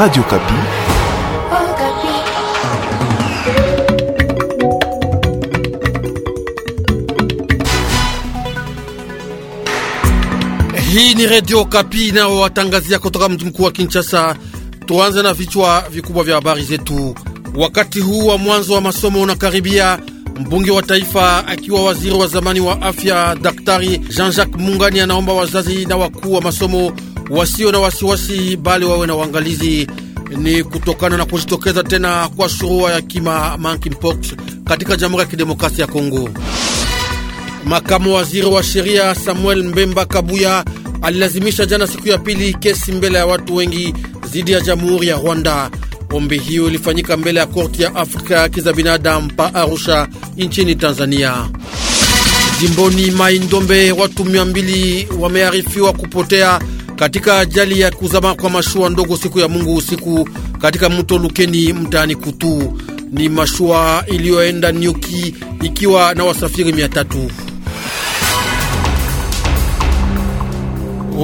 Radio Kapi. Hii ni Radio Kapi watangazia kutoka mji mkuu wa Kinshasa. Tuanze na vichwa vikubwa vya habari zetu. Wakati huu wa mwanzo wa masomo unakaribia. Mbunge wa taifa akiwa waziri wa zamani wa afya Daktari Jean-Jacques Mungani anaomba wazazi na wakuu wa masomo wasio na wasiwasi, bali wawe na uangalizi. Ni kutokana na kujitokeza tena kwa shurua ya kima monkeypox katika Jamhuri ya Kidemokrasia ya Kongo. Makamu waziri wa sheria Samuel Mbemba Kabuya alilazimisha jana siku ya pili kesi mbele ya watu wengi dhidi ya Jamhuri ya Rwanda. Ombi hiyo ilifanyika mbele ya korti ya Afrika ya haki za binadamu pa Arusha nchini Tanzania. Jimboni Mai Ndombe, watu mia mbili wamearifiwa kupotea katika ajali ya kuzama kwa mashua ndogo siku ya Mungu usiku katika mto Lukeni mtaani Kutu. Ni mashua iliyoenda Nyuki ikiwa na wasafiri mia tatu.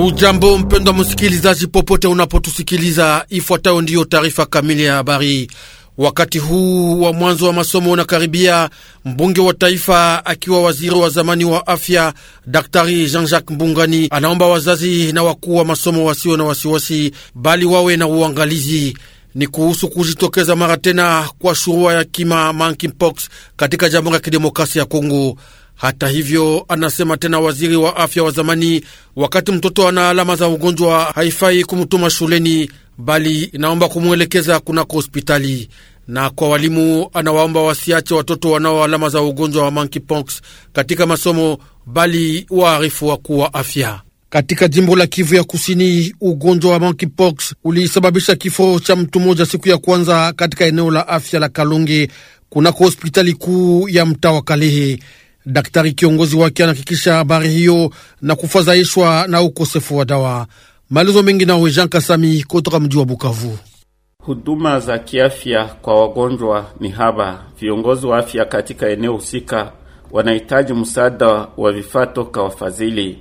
Ujambo mpendwa msikilizaji, popote unapotusikiliza, ifuatayo ndiyo taarifa kamili ya habari. Wakati huu wa mwanzo wa masomo unakaribia, mbunge wa taifa akiwa waziri wa zamani wa afya Daktari Jean-Jacques Mbungani anaomba wazazi na wakuu wa masomo wasio na wasiwasi, bali wawe na uangalizi ni kuhusu kujitokeza mara tena kwa shurua ya kima monkeypox katika Jamhuri ya Kidemokrasia ya Kongo. Hata hivyo, anasema tena waziri wa afya wa zamani, wakati mtoto ana alama za ugonjwa haifai kumtuma shuleni bali inaomba kumwelekeza kunako hospitali na kwa walimu anawaomba wasiache watoto wanao alama za ugonjwa wa monkeypox katika masomo, bali waarifu wakuu wa afya. Katika jimbo la Kivu ya Kusini, ugonjwa wa monkeypox ulisababisha kifo cha mtu mmoja siku ya kwanza katika eneo la afya la Kalonge kunako hospitali kuu ya mtaa wa Kalehe. Daktari kiongozi wake anahakikisha habari hiyo na kufadhaishwa na ukosefu wa dawa. Maelezo mengi nawe Jean Kasami kutoka mji wa Bukavu. Huduma za kiafya kwa wagonjwa ni haba. Viongozi wa afya katika eneo husika wanahitaji msaada wa vifaa toka wafadhili.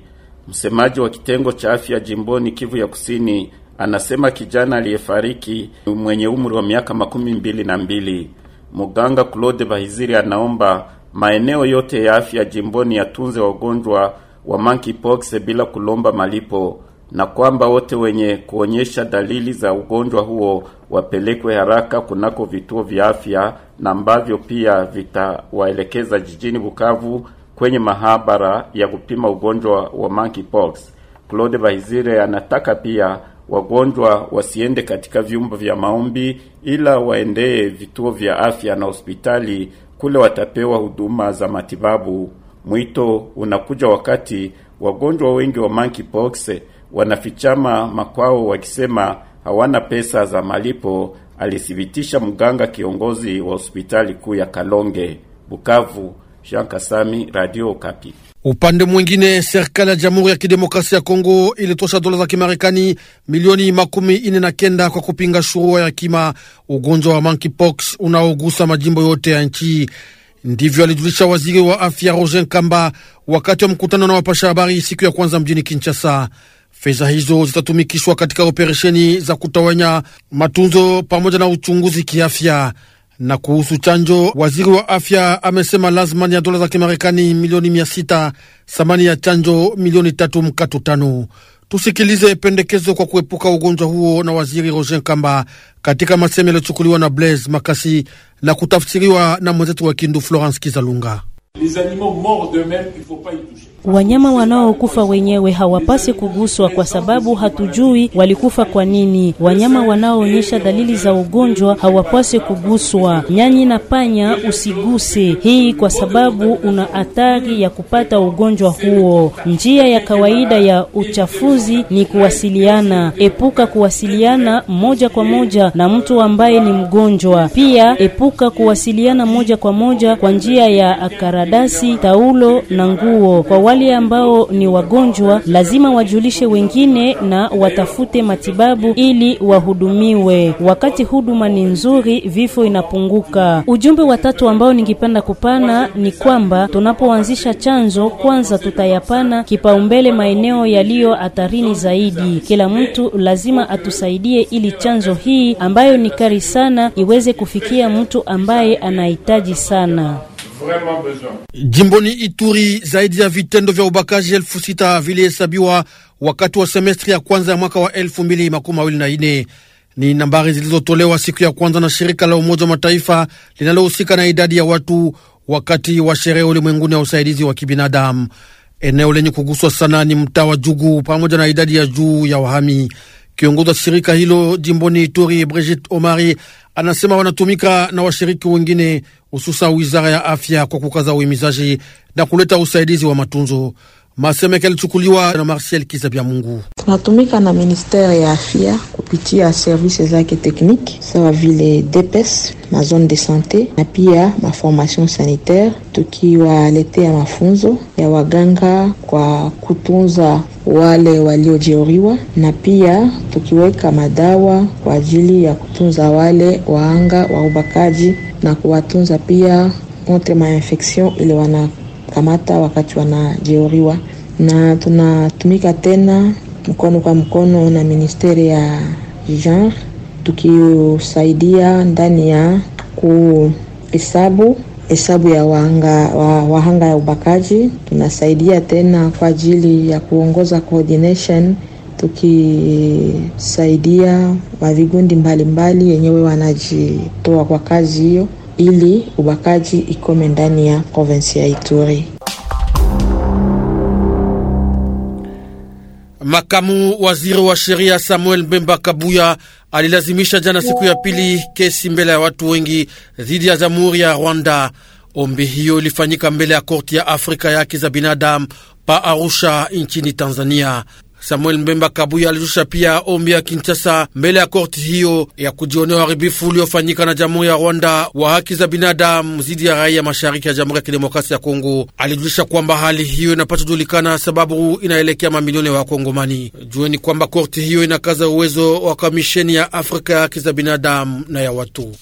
Msemaji wa kitengo cha afya jimboni Kivu ya Kusini anasema kijana aliyefariki mwenye umri wa miaka makumi mbili na mbili. Muganga Claude Bahiziri anaomba maeneo yote ya afya jimboni yatunze wagonjwa wa monkeypox bila kulomba malipo na kwamba wote wenye kuonyesha dalili za ugonjwa huo wapelekwe haraka kunako vituo vya afya na ambavyo pia vitawaelekeza jijini Bukavu kwenye mahabara ya kupima ugonjwa wa monkeypox. Claude Bahizire anataka pia wagonjwa wasiende katika vyumba vya maombi, ila waendee vituo vya afya na hospitali, kule watapewa huduma za matibabu. Mwito unakuja wakati wagonjwa wengi wa monkeypox wanafichama makwao wakisema hawana pesa za malipo, alithibitisha mganga kiongozi wa hospitali kuu ya Kalonge. Bukavu, Jean Kasami, Radio Kapi. Upande mwingine, serikali ya Jamhuri ya Kidemokrasia ya Kongo ilitosha dola za Kimarekani milioni makumi ine na kenda kwa kupinga shurua ya kima, ugonjwa wa monkeypox unaogusa majimbo yote ya nchi. Ndivyo alijulisha waziri wa afya Roger Kamba wakati wa mkutano na wapasha habari siku ya kwanza mjini Kinshasa. Fedha hizo zitatumikishwa katika operesheni za kutawanya matunzo pamoja na uchunguzi kiafya. Na kuhusu chanjo, waziri wa afya amesema lazima ni ya dola za Kimarekani milioni mia sita thamani ya chanjo milioni tatu mkato tano. Tusikilize pendekezo kwa kuepuka ugonjwa huo na waziri Roger Kamba katika maseme yaliyochukuliwa na Blaise Makasi na kutafsiriwa na mwenzetu wa Kindu Florence Kizalunga. Les animaux morts d'eux-mêmes, il faut pas y toucher. Wanyama wanaokufa wenyewe hawapasi kuguswa, kwa sababu hatujui walikufa kwa nini. Wanyama wanaoonyesha dalili za ugonjwa hawapasi kuguswa. Nyani na panya usiguse hii, kwa sababu una hatari ya kupata ugonjwa huo. Njia ya kawaida ya uchafuzi ni kuwasiliana. Epuka kuwasiliana moja kwa moja na mtu ambaye ni mgonjwa. Pia epuka kuwasiliana moja kwa moja kwa njia ya akaradasi taulo na nguo kwa wale ambao ni wagonjwa lazima wajulishe wengine na watafute matibabu ili wahudumiwe. Wakati huduma ni nzuri, vifo inapunguka. Ujumbe wa tatu ambao ningependa kupana ni kwamba tunapoanzisha chanzo kwanza tutayapana kipaumbele maeneo yaliyo hatarini zaidi. Kila mtu lazima atusaidie ili chanzo hii ambayo ni kari sana iweze kufikia mtu ambaye anahitaji sana vraiment besoin. Jimboni Ituri, zaidi ya vitendo vya ubakaji elfu sita vilihesabiwa wakati wa semestri ya kwanza ya mwaka wa elfu mbili makumi mawili na ine Ni nambari zilizotolewa siku ya kwanza na shirika la Umoja wa Mataifa linalohusika na idadi ya watu wakati wa sherehe ulimwenguni ya usaidizi wa kibinadamu. Eneo lenye kuguswa sana ni mtaa wa Jugu pamoja na idadi ya juu ya wahami. Kiongozi wa shirika hilo jimboni Ituri, Brigit Omari, anasema wanatumika na washiriki wengine, hususa wizara ya afya, kwa kukaza uhimizaji na kuleta usaidizi wa matunzo. Masemeke alichukuliwa na Marcel Kisapia Mungu. Tunatumika na ministere ya afya kupitia service zake tekniki sawa vile DPS e na zone de sante na pia maformation sanitaire, tukiwaletea mafunzo ya waganga kwa kutunza wale waliojeuriwa na pia tukiweka madawa kwa ajili ya kutunza wale waanga wa ubakaji na kuwatunza pia contre mainfection infection ile wana wanakamata wakati wanajeuriwa, na tunatumika tena mkono kwa mkono na ministeri ya genre tukisaidia ndani ya kuhesabu hesabu ya wahanga, wa, wahanga ya ubakaji. Tunasaidia tena kwa ajili ya kuongoza coordination, tukisaidia wavigundi mbalimbali yenyewe wanajitoa kwa kazi hiyo ili ubakaji ikome ndani ya provinsi ya Ituri. Makamu waziri wa sheria Samuel Mbemba Kabuya alilazimisha jana siku ya pili kesi mbele ya watu wengi dhidi ya jamhuri ya Rwanda. Ombi hiyo ilifanyika mbele ya korti ya Afrika ya haki za binadamu pa Arusha nchini Tanzania. Samuel Mbemba Kabuya alishusha pia ombi ya Kinshasa mbele ya korti hiyo ya kujionea uharibifu uliofanyika na jamhuri ya Rwanda wa haki za binadamu zidi ya raia mashariki ya jamhuri ya kidemokrasia ya Kongo. Alijulisha kwamba hali hiyo inapata julikana, sababu inaelekea mamilioni ya Wakongomani. Jueni kwamba korti hiyo inakaza uwezo wa kamisheni ya Afrika ya haki za binadamu na ya watu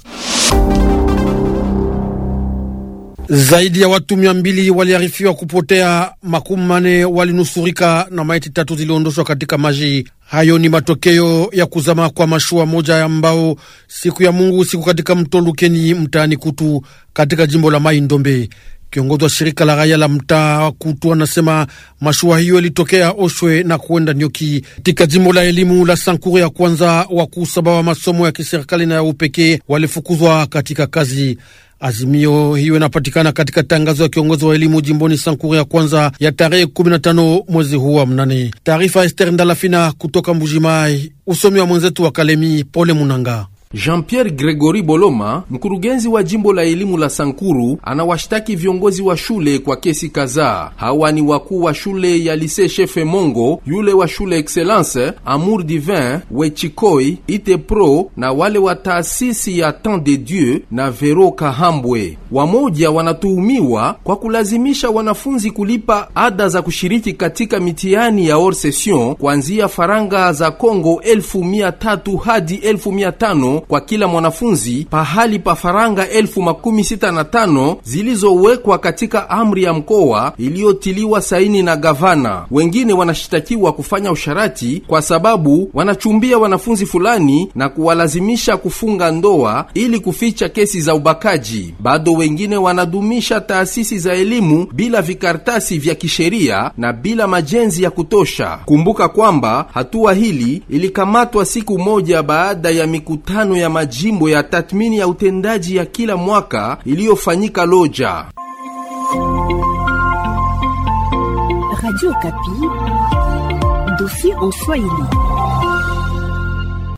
zaidi ya watu mia mbili waliarifiwa kupotea, makumi manne walinusurika na maiti tatu ziliondoshwa katika maji. Hayo ni matokeo ya kuzama kwa mashua moja ya mbao siku ya Mungu usiku katika mto Lukeni mtaani Kutu katika jimbo la Mai Ndombe. Kiongozi wa shirika la raia la mtaa wa Kutu anasema mashua hiyo ilitokea Oshwe na kuenda Nyoki katika jimbo la elimu la Sankuru ya kwanza. Wakuu saba wa masomo ya kiserikali na ya upekee walifukuzwa katika kazi. Azimio hiyo inapatikana katika tangazo ya kiongozi wa elimu jimboni Sankure ya kwanza ya tarehe 15 mwezi huu wa mnane. Taarifa Ester Ndalafina kutoka Mbujimai, usomi wa mwenzetu wa Kalemi Pole Munanga. Jean-Pierre Gregory Boloma, mkurugenzi wa jimbo la elimu la Sankuru, anawashtaki viongozi wa shule kwa kesi kadhaa. Hawa ni wakuu wa shule ya Lycée Chefe Mongo, yule wa shule Excellence, Amour Divin, Wechikoi, Itepro na wale wa taasisi ya Temps de Dieu na Vero Kahambwe. Wamoja wanatuhumiwa kwa kulazimisha wanafunzi kulipa ada za kushiriki katika mitihani ya hors session kuanzia faranga za congo elfu mia tatu hadi elfu mia tano kwa kila mwanafunzi pahali pa faranga elfu makumi sita na tano zilizowekwa katika amri ya mkoa iliyotiliwa saini na gavana. Wengine wanashitakiwa kufanya usharati kwa sababu wanachumbia wanafunzi fulani na kuwalazimisha kufunga ndoa ili kuficha kesi za ubakaji. Bado wengine wanadumisha taasisi za elimu bila vikartasi vya kisheria na bila majenzi ya kutosha. Kumbuka kwamba hatua hili ilikamatwa siku moja baada ya mikutano mikutano ya majimbo ya tathmini ya utendaji ya kila mwaka iliyofanyika Loja.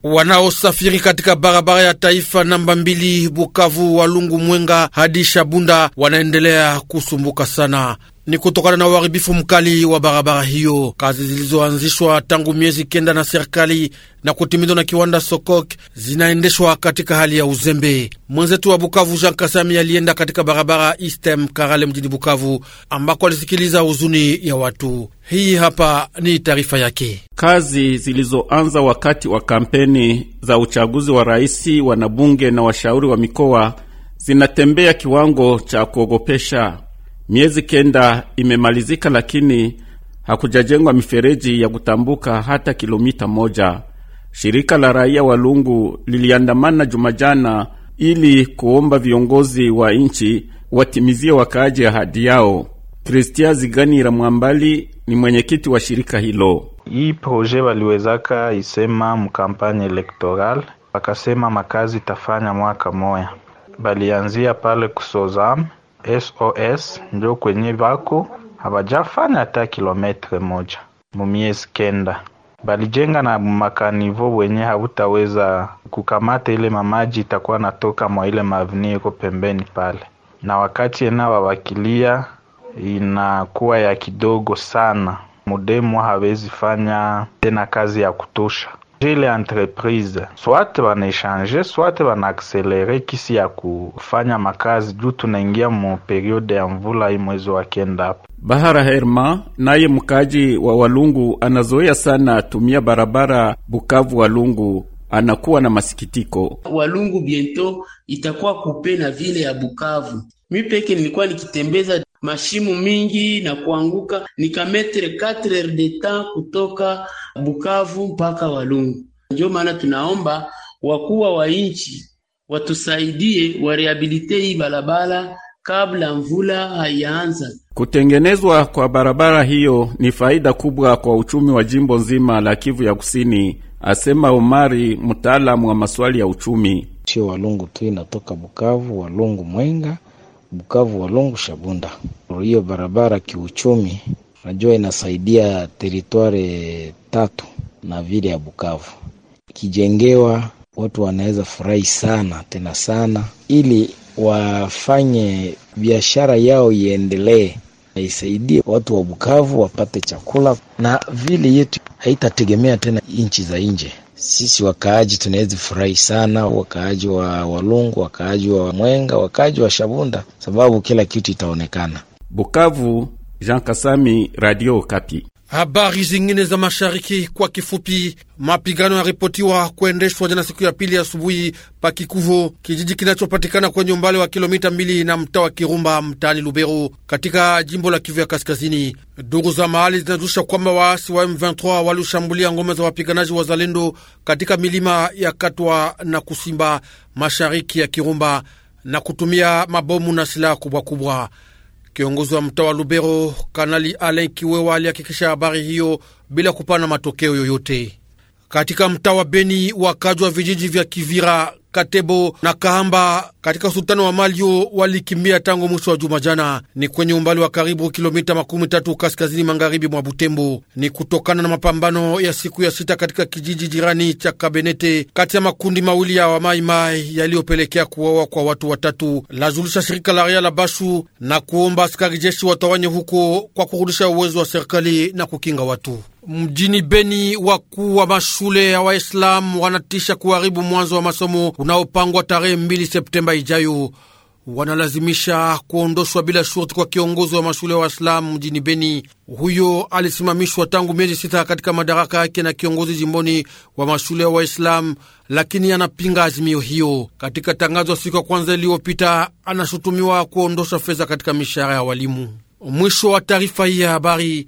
Wanaosafiri katika barabara ya taifa namba mbili Bukavu Walungu Mwenga hadi Shabunda wanaendelea kusumbuka sana ni kutokana na uharibifu mkali wa barabara hiyo. Kazi zilizoanzishwa tangu miezi kenda na serikali na kutimizwa na kiwanda Sokok zinaendeshwa katika hali ya uzembe. Mwenzetu wa Bukavu Jean Kasami alienda katika barabara Istem Karale mjini Bukavu, ambako alisikiliza huzuni ya watu. Hii hapa ni taarifa yake. Kazi zilizoanza wakati wa kampeni za uchaguzi wa rais, wanabunge na washauri wa mikoa zinatembea kiwango cha kuogopesha. Miezi kenda imemalizika, lakini hakujajengwa mifereji ya kutambuka hata kilomita moja. Shirika la raia wa Lungu liliandamana Jumajana ili kuomba viongozi wa nchi watimizie wakaaji ahadi yao. Kristia Ziganira Mwambali ni mwenyekiti wa shirika hilo. Hii proje waliwezaka isema mkampanye elektoral, wakasema makazi tafanya mwaka moya, balianzia pale kusozam SOS ndio kwenye vako hawajafanya hata kilometre moja mumiezi kenda balijenga na makanivo wenye hautaweza kukamata ile mamaji itakuwa natoka mwa ile mavni iko pembeni pale, na wakati enawawakilia inakuwa ya kidogo sana. mudemu hawezi fanya tena kazi ya kutosha. Zile entreprise swati banaechange swati banaakselere kisi ya kufanya makazi juu tunaingia mu periode ya mvula hii mwezi wa kenda hapa. Bahara Herma naye mkaji wa Walungu anazoea sana tumia barabara Bukavu Walungu anakuwa na masikitiko Walungu biento itakuwa kupe na vile ya Bukavu Mi peke nilikuwa nikitembeza mashimu mingi na kuanguka, nikametre 4 de temps kutoka Bukavu mpaka Walungu. Ndio maana tunaomba wakuwa wa nchi watusaidie warehabilite hii barabara kabla mvula haianza. Kutengenezwa kwa barabara hiyo ni faida kubwa kwa uchumi wa jimbo nzima la Kivu ya Kusini, asema Omari, mtaalamu wa maswali ya uchumi. Sio Walungu tu, inatoka Bukavu, Walungu, Mwenga Bukavu Walungu Shabunda. Hiyo barabara kiuchumi, najua inasaidia teritware tatu na vile ya Bukavu ikijengewa, watu wanaweza furahi sana tena sana, ili wafanye biashara yao iendelee naisaidie watu wa Bukavu wapate chakula na vile yetu haitategemea tena nchi za nje. Sisi wakaaji tunaweza furahi sana, wakaaji wa Walungu, wakaaji wa Mwenga, wakaaji wa Shabunda, sababu kila kitu itaonekana. Bukavu, Jean Kasami, Radio Kapi. Habari zingine za mashariki kwa kifupi. Mapigano yaripotiwa kuendeshwa jana siku ya pili asubuhi kikuvo kijiji kinachopatikana kwenye umbali wa kilomita mbili na mtaa wa Kirumba mtaani Lubero katika jimbo la Kivu ya Kaskazini. Duru za mahali zinajusha kwamba waasi wa M23 walioshambulia ngome za wapiganaji wa Zalendo katika milima ya Katwa na Kusimba mashariki ya Kirumba na kutumia mabomu na silaha kubwa kubwa. Kiongozi wa mtaa wa Lubero, Kanali Alain Kiwewa, alihakikisha habari hiyo bila kupana matokeo yoyote. Katika mtaa wa Beni, wakaji wa vijiji vya Kivira, Katebo na Kahamba katika usultani wa Malio walikimbia tangu mwisho wa juma jana. Ni kwenye umbali wa karibu kilomita makumi tatu kaskazini magharibi mwa Butembo. Ni kutokana na mapambano ya siku ya sita katika kijiji jirani cha Kabenete kati ya makundi mawili ya wamaimai yaliyopelekea kuwawa kwa watu watatu, lazulisha shirika la raia la Bashu na kuomba askari jeshi watawanye huko kwa kurudisha uwezo wa serikali na kukinga watu. Mjini Beni, wakuu wa mashule ya Waislamu wanatisha kuharibu mwanzo wa masomo unaopangwa tarehe 2 Septemba ijayo. Wanalazimisha kuondoshwa bila shurti kwa kiongozi wa mashule ya Waislamu mjini Beni. Huyo alisimamishwa tangu miezi sita katika madaraka yake na kiongozi jimboni wa mashule ya Waislamu, lakini anapinga azimio hiyo. Katika tangazo siku ya kwanza iliyopita, anashutumiwa kuondosha fedha katika mishahara ya walimu. Mwisho wa taarifa hii ya habari.